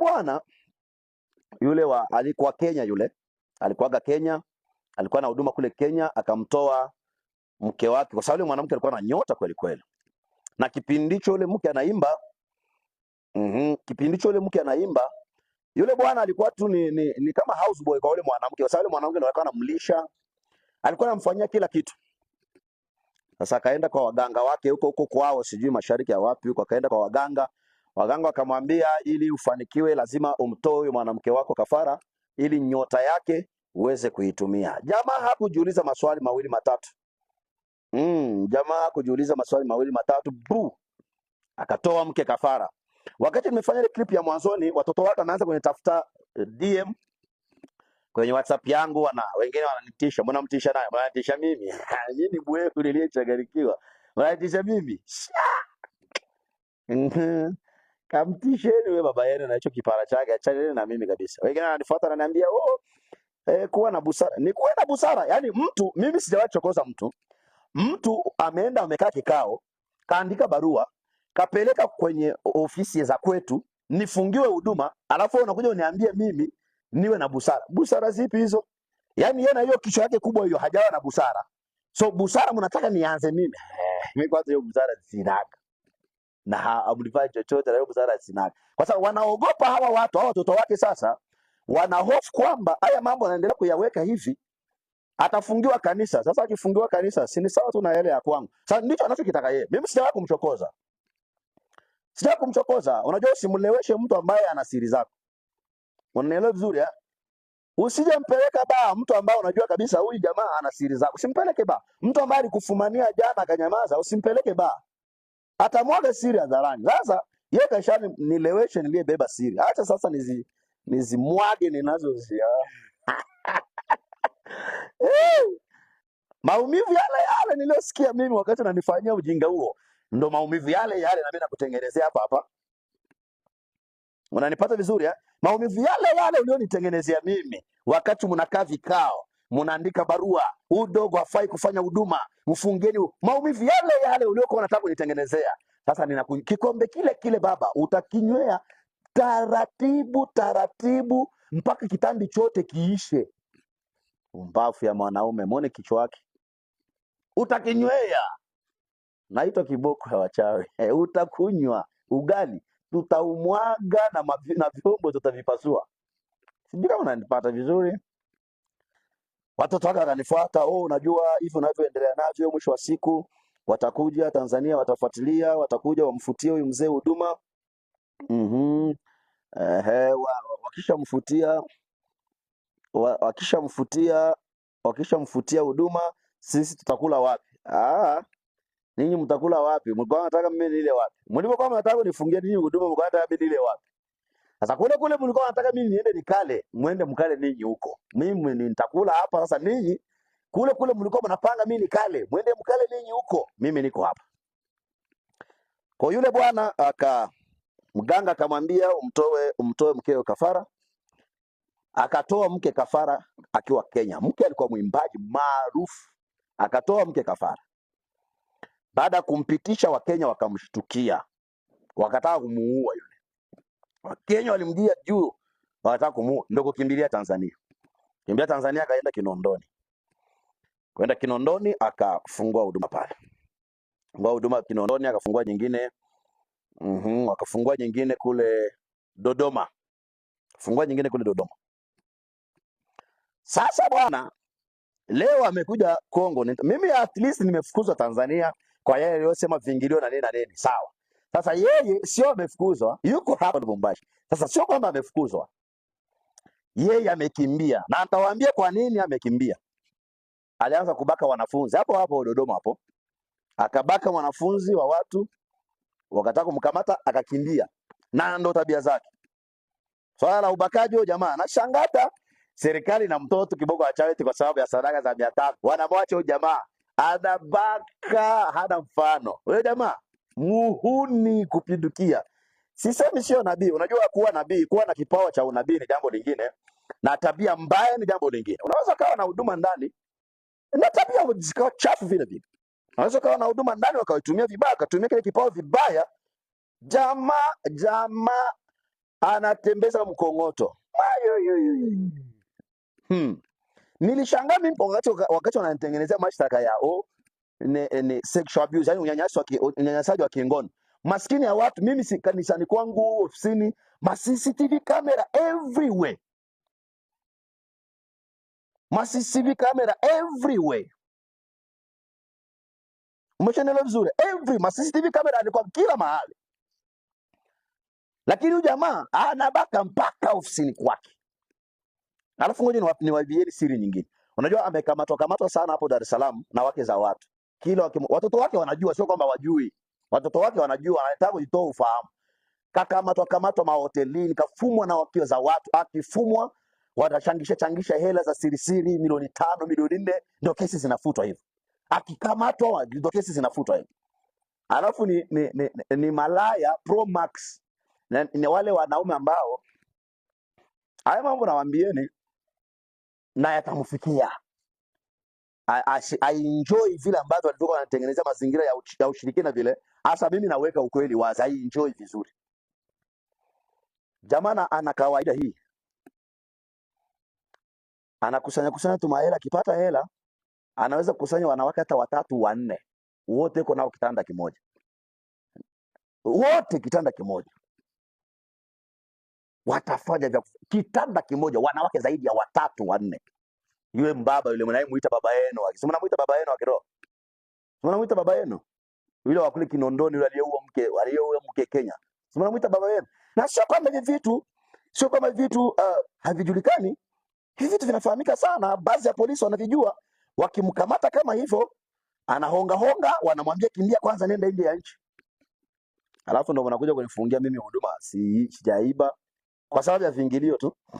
bwana yule wa alikuwa Kenya, yule alikuwaga Kenya, alikuwa na huduma kule Kenya, akamtoa mke wake, kwa sababu yule mwanamke alikuwa na nyota kweli kweli, na kipindi hicho yule mke anaimba mm Kipindi hicho yule mke anaimba, yule bwana alikuwa tu ni, ni, ni kama houseboy kwa yule mwanamke, kwa sababu yule mwanamke alikuwa anamlisha, alikuwa anamfanyia kila kitu. Sasa akaenda kwa waganga wake huko huko kwao, sijui mashariki ya wapi huko, akaenda kwa waganga Waganga wakamwambia ili ufanikiwe lazima umtoe huyo mwanamke wako kafara ili nyota yake uweze kuitumia. Jamaa hakujiuliza maswali mawili matatu. Mm, jamaa hakujiuliza maswali mawili matatu bu, akatoa mke kafara. Wakati nimefanya ile clip ya mwanzoni, watoto wake wanaanza kunitafuta eh, DM kwenye WhatsApp yangu, wana wengine wananitisha, mbona mtisha naye, mbona mtisha mimi yeye ni bwefu niliyechanganyikiwa, mbona mtisha mimi Kamtisheni wewe baba yenu na hicho kipara chake, achaneni na mimi kabisa. Wengine ananifuata ananiambia, "Oh, eh, kuwa na busara." Ni kuwa na busara. yani mtu mimi sijawahi chokoza mtu. Mtu ameenda amekaa kikao, kaandika barua, kapeleka kwenye ofisi za kwetu, nifungiwe huduma, alafu unakuja uniambie mimi niwe na busara. Busara zipi hizo? Yani yeye na hiyo kichwa yake kubwa hiyo hajawa na busara. So busara mnataka nianze mimi. Eh, mimi kwanza hiyo busara sinaga na hamlifai chochote na busara sinaga. Kwa sababu wanaogopa hawa watu, hawa watoto wake sasa wanahofu kwamba haya mambo anaendelea kuyaweka hivi atafungiwa kanisa. Sasa akifungiwa kanisa, si ni sawa tu na yale ya kwangu. Sasa ndicho anachokitaka yeye. Mimi sitaki kumchokoza. Sitaki kumchokoza. Unajua usimleweshe mtu ambaye ana siri zako. Unanielewa vizuri ya? Eh? Usije mpeleka ba mtu ambaye unajua kabisa huyu jamaa ana siri zako. Usimpeleke ba Mtu ambaye alikufumania jana akanyamaza, usimpeleke ba atamwaga siri hadharani. Sasa yeye nileweshe niliyebeba siri, acha sasa nizi nizimwage ninazo zia eh! maumivu yale yale niliyosikia mimi wakati nanifanyia ujinga huo, ndo maumivu yale yale nami nakutengenezea hapa hapa. Unanipata vizuri eh? Maumivu yale yale ulionitengenezea mimi wakati mnakaa vikao, mnaandika barua, huu dogo hafai kufanya huduma, mfungeni maumivu yale yale uliokuwa unataka kunitengenezea. Sasa nina kikombe kile kile Baba, utakinywea taratibu taratibu mpaka kitambi chote kiishe. mbafu ya mwanaume, mwone kichwa wake, utakinywea naitwa kiboko ya wachawi eh, utakunywa ugali tutaumwaga na, na vyombo tutavipasua. Sijui kama unanipata vizuri. Watoto wake watanifuata, oh, unajua hivi unavyoendelea navyo, mwisho wa siku watakuja Tanzania, watafuatilia, watakuja wamfutie huyu mzee huduma. mm-hmm. Ehe, wakishamfutia wakishamfutia wakishamfutia huduma, sisi tutakula wapi? Ah, ninyi mtakula wapi? Mlikuwa mnataka mimi nile wapi? Mlivyokuwa mnataka nifungie ninyi huduma, mlikuwa mnataka mimi nile wapi? Sasa kule kule mlikuwa nataka mimi niende nikale, muende mkale ninyi huko. Mimi nitakula hapa sasa ninyi. Kule kule mlikuwa mnapanga mimi nikale, muende mkale ninyi huko. Mimi niko hapa. Kwa yule bwana aka mganga akamwambia umtoe umtoe mkeo kafara. Akatoa mke kafara akiwa Kenya. Mke alikuwa mwimbaji maarufu. Akatoa mke kafara. Baada ya kumpitisha Wakenya wakamshtukia. Wakataka kumuua yule. Wakenya walimjia juu wanataka kumuua, ndio kukimbilia Tanzania. Kimbia Tanzania, akaenda Kinondoni, kwenda Kinondoni akafungua huduma pale, fungua huduma Kinondoni, akafungua nyingine mhm, mm akafungua nyingine kule Dodoma, fungua nyingine kule Dodoma. Sasa bwana, leo amekuja Kongo. Mimi at least nimefukuzwa Tanzania kwa yeye aliyosema vingilio na nini na nini, sawa sasa yeye sio amefukuzwa, yuko hapa Lubumbashi. Sasa sio kwamba amefukuzwa, yeye amekimbia, na atawaambia kwa nini amekimbia. Alianza kubaka wanafunzi hapo hapo Dodoma hapo, akabaka wanafunzi wa watu, wakataka kumkamata akakimbia, na ndo tabia zake. Swala so, la ubakaji huo, jamaa anashangata serikali na mtoto kiboko wa kwa sababu ya sadaka za mia tano, wanamwacha huyo jamaa anabaka, hana mfano huyo jamaa muhuni kupindukia. Sisemi sio nabii. Unajua, kuwa nabii, kuwa na kipawa cha unabii ni jambo lingine, na tabia mbaya ni jambo lingine. Unaweza kawa na huduma ndani na tabia zikawa chafu vile vile. Unaweza kawa na huduma ndani wakaitumia vibaya, akatumia kile kipawa vibaya. Jama jama anatembeza mkongoto hmm. Nilishangaa mimi wakati wakati wananitengenezea mashtaka ya oh, ni, ni sexual abuse, yani unyanyasaji wa ki, wa kingono. Maskini ya watu, mimi si kanisani kwangu, ofisini, ma CCTV camera everywhere, ma CCTV camera everywhere. Umeshanelewa vizuri? Every ma CCTV camera ni kwa kila mahali, lakini huyu jamaa anabaka mpaka ofisini kwake. Alafu ngoja niwaambieni siri nyingine. Unajua amekamatwa kamatwa sana hapo Dar es Salaam na wake za watu kila watoto wake wanajua, sio kwamba wajui. Watoto wake wanajua, anataka kujitoa ufahamu. Kakamatwa kamatwa mahotelini, kafumwa na wakio za watu. Akifumwa watachangisha changisha hela za sirisiri, milioni tano, milioni nne, ndio kesi zinafutwa hivyo. Akikamatwa ndio kesi zinafutwa hivyo. Alafu ni, ni, ni, ni malaya pro max na, ni wale wanaume ambao haya mambo nawaambieni na yatamfikia aienjoy vile ambavyo alitoka wanatengeneza mazingira ya, uch, ya ushirikina vile. Hasa mimi naweka ukweli wazi, aienjoy vizuri. Jamana ana kawaida hii, anakusanya kusanya tumahela, akipata hela anaweza kukusanya wanawake hata watatu wanne, wote uko nao kitanda kimoja, wote kitanda kimoja watafanya vya kitanda kimoja, wanawake zaidi ya watatu wanne yule mbaba yule mnayemuita baba yenu, akisema namuita baba yenu akiroho, mnamuita baba yenu yule wa kule Kinondoni, yule aliyeua mke aliyeua mke Kenya, namuita baba yenu. Na sio kwamba hivi vitu sio kwamba hivi vitu uh, havijulikani. Hivi vitu vinafahamika sana, baadhi ya polisi wanavijua. Wakimkamata kama hivyo, anahonga honga, wanamwambia kimbia kwanza, nenda nje ya nchi, alafu ndo wanakuja kunifungia mimi huduma. Si sijaiba kwa sababu ya vingilio tu.